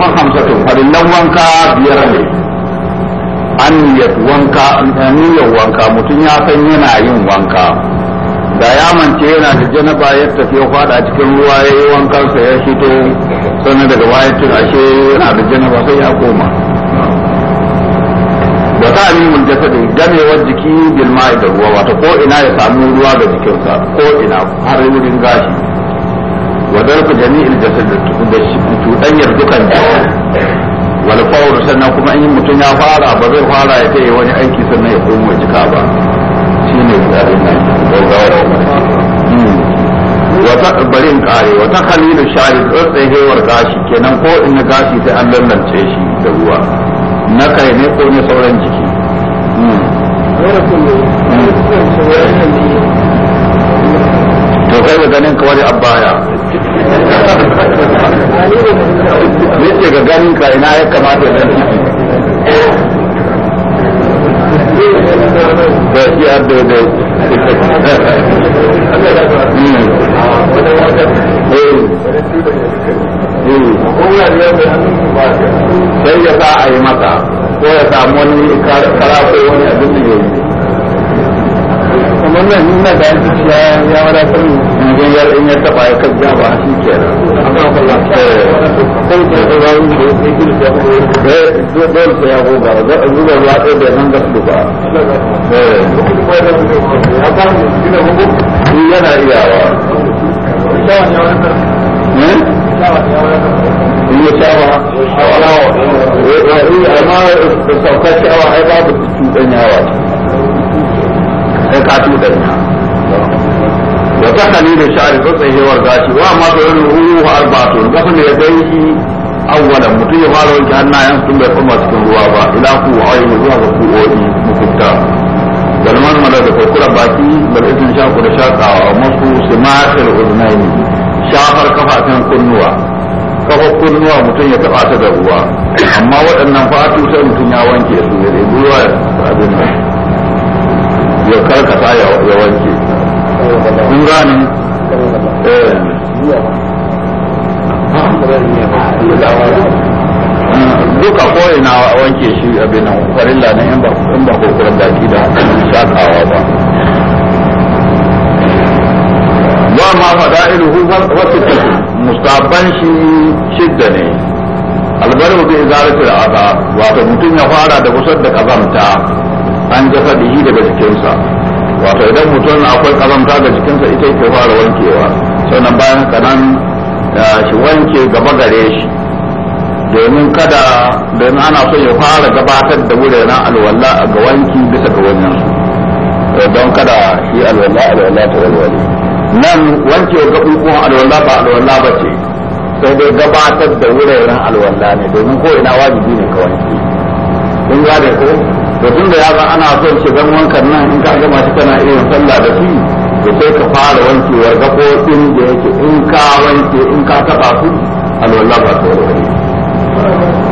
kuma hamsatu farillan wanka biyar ne an wanka ya wanka mutum ya san yana yin wanka da ya mance yana da janaba ya tafi ya fada cikin ruwa ya yi wankansa ya fito sannan daga bayan tun ashe yana da janaba sai ya koma da mun ta'mimul da gamewar jiki bil ma'i da ruwa wato ko ina ya samu ruwa ga jikinsa ko ina har wurin gashi wa darbu jami'il jasad da cuɗanyar dukan wal fawr sannan kuma in mutum ya fara ba zai fara ya kai wani aiki sannan ya komo ya cika ba shine tsarin nan gaggawa hmm. wata barin kare wata khalilu shari tsotsin hewar gashi kenan ko in na gashi sai an lallance shi da ruwa na kai ne ko ne sauran jiki hmm. Hmm. to kai da ganin kawai abaya wuce ga ganin ka ina ya kamata ya zanci da shi a daidai sai ya sa a yi masa ko ya samu wani kara ko wani wannan nuna da yanki ya ya wadatar ne ya in ya taba ya kan jaba eh. shi kenan eh, dole sai ya goga ba zai zuba ruwa ɗaya da nan gasu ba eh. yana iyawa hmm? shawa amma saukar shawa ai babu cutanyawa sai ka tuda ina wa ta kalilu sha'ri tsatsayewar gashi wa ma ta yanu ruhu arba'atun gasan da ya gaishe awwalan mutum ya fara wanke hannayen tun bai kuma cikin ruwa ba ila ku ayyuhu ta ga ku'o'i mukunta galman mada da kurkura baki bal isin shaku da shakawa masu simatil uznaini shafar kafafen kunnuwa kafa kunnuwa mutum ya taba ta da ruwa amma waɗannan fatu sai mutum ya wanke su ya ruwa abin ya karkata ya wanke eh. duka kawai ina wanke shi abin nan farilla na in ba da baki da shakawa ba ba ma fada'iluhu wasu mustaban shi shidda ne albaru bi izaratil adab wato mutum ya fara da kusur da kazanta an jafa da yi daga jikinsa wato idan mutum akwai kazanta da jikinsa ita ke fara wankewa sannan bayan haka nan shi wanke gaba gare shi domin kada domin ana so ya fara gabatar da na alwala ga wanki bisa ga wannan don kada shi alwala alwala ta walwale nan wanke gaɓuɓɓun alwala ba alwala ba ce sai dai gabatar da na alwala ne domin ko ina wajibi ne ka wanke kun gane ko da tun da ya zan ana son shigan wankan nan in ka gama shi kana iya sallah da shi to sai ka fara wankewar gaɓoɓin da yake in ka wanke in ka taɓa su alwala ba ta wani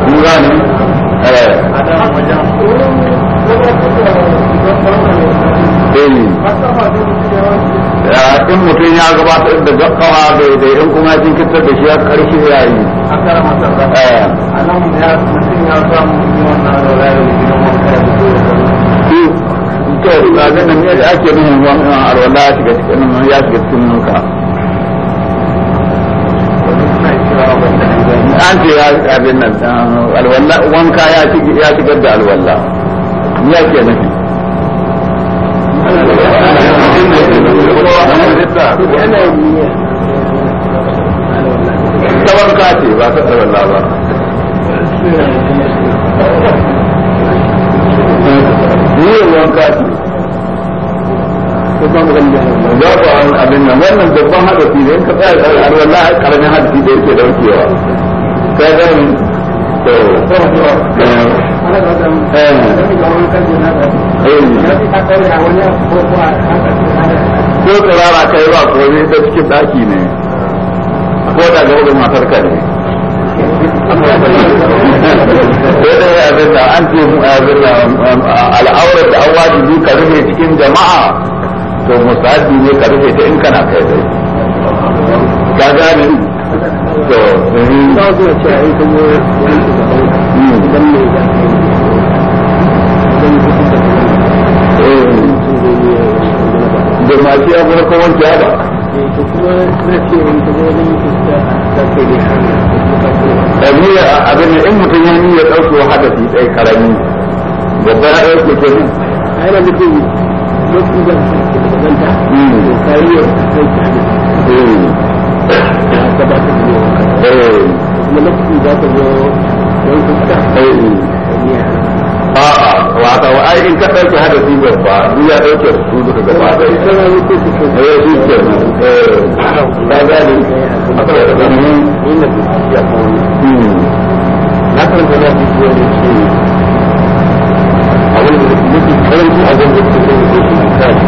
kun gane eh, eh. in mutum ya gabatar da gaggawa daidai in kuma jin kitar da shi ya karshe a nan ya mutum ya samu wannan yadda ake nuna ruwan alwala ya shiga cikin ya shiga cikin nuka an ce ya abin nan alwala wanka ya shiga da alwala ya ke nufi ba karamin hadisi da yake daukewa kai zan to eh. Eh. ko tsirara kai ba ko ne ta cikin daki ne ko da ga wurin matar ka ne ko da ya an ce al'aurar da an wajibi ka rufe cikin jama'a to musaadi ne ka rufe ta in kana kai ka gane to da masu ya kuma kawar ya ba ɗaniya abin da in mutum ya niyya ɗauke wa hadafi ɗai karami babban ya ɗauke ke nan a yana mutum lokacin da ta kariya ɗauke hadafi a'a in ka ɗauke hadasi babba duk ya ɗauke su ga da ya da ya ce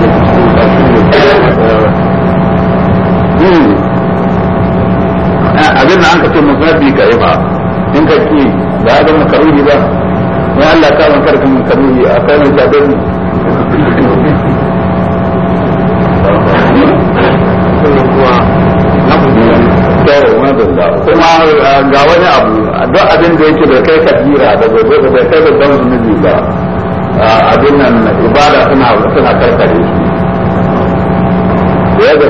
da da da Eh, abin da an ka ce musabi ka yi ba in ka ki ba zama ba Allah ka a mai kuma eh, ga wani abu duk abin da yake kai kabira da bai kai da zunubi ba ah, abin nan ibada suna karkare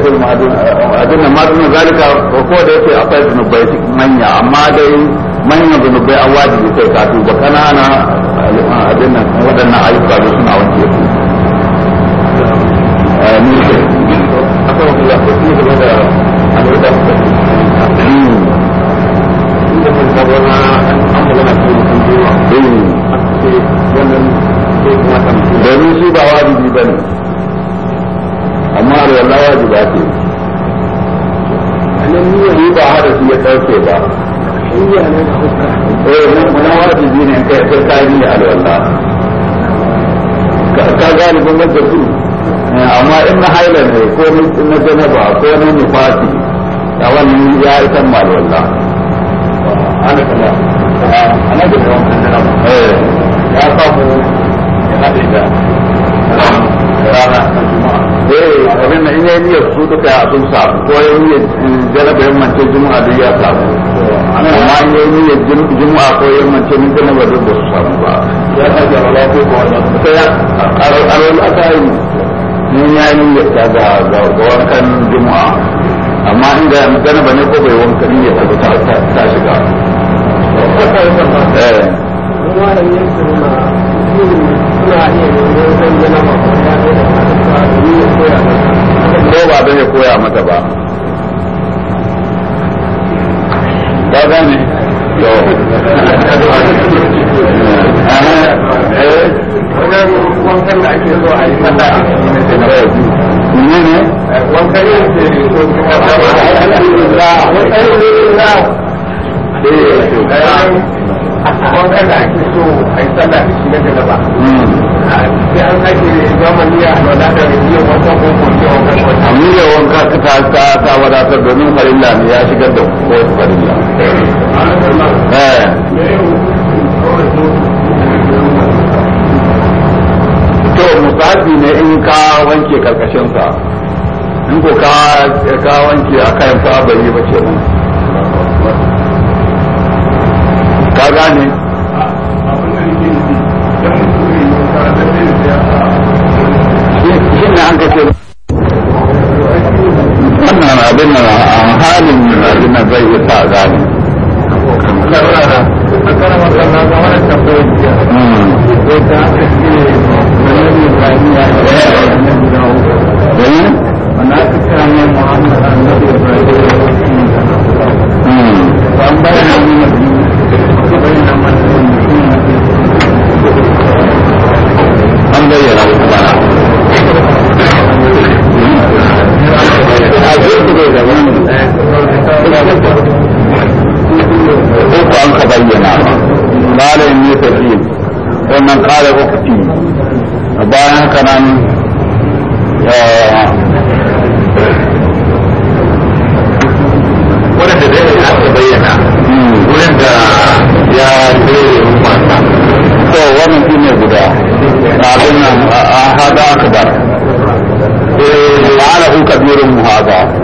laifin abin nan ma zalika ko da yake akwai zunubai manya amma dai manyan zunubai an wajibi kai ka tuba kanana abin nan waɗannan ayyuka da suna wanke su eh, akwai wani Eh, ya ka ka gani ko na da su eh, amma in na hailan ne ko min na da ba ko na ni fati da wannan ya yi kan mal walla ya ana ah, kuma ah, ana da wannan eh ya ta mu ya hade da rana eh wannan ne in yayi su duka a sun sa ko yayi jarabe man ce juma'a da ya ta mu amma in yi niyyar juma'a ko yin mace min tana ba duk ba su samu ba ya ta ga ko ko wannan sai a rawar asali mun ya yi niyyar ta ga wankan juma'a amma in da gana ba ne ko bai wanka niyyar ta ta ta shiga eh. ko ba don ya koya mata ba ka gane eh. Eh. ake so a yi ne ne ne ake so eh. hmm. wanka ko kuma wanka ko ta ne ya shigar da kowace Eh. to musabi ne in ka wanke karkashinsa in ko ka ka wanke a sa bai yi ka gane an kace wannan abin nan halin abin nan zai yi sa gani Thank hmm. you. Hmm. Hmm. wannan kare a bayan haka nan wadanda da ya aka bayyana wurin da ya zai wasa to wannan shi ne guda abin nan a hada aka ba eh ma'ana ku kabirin muhaza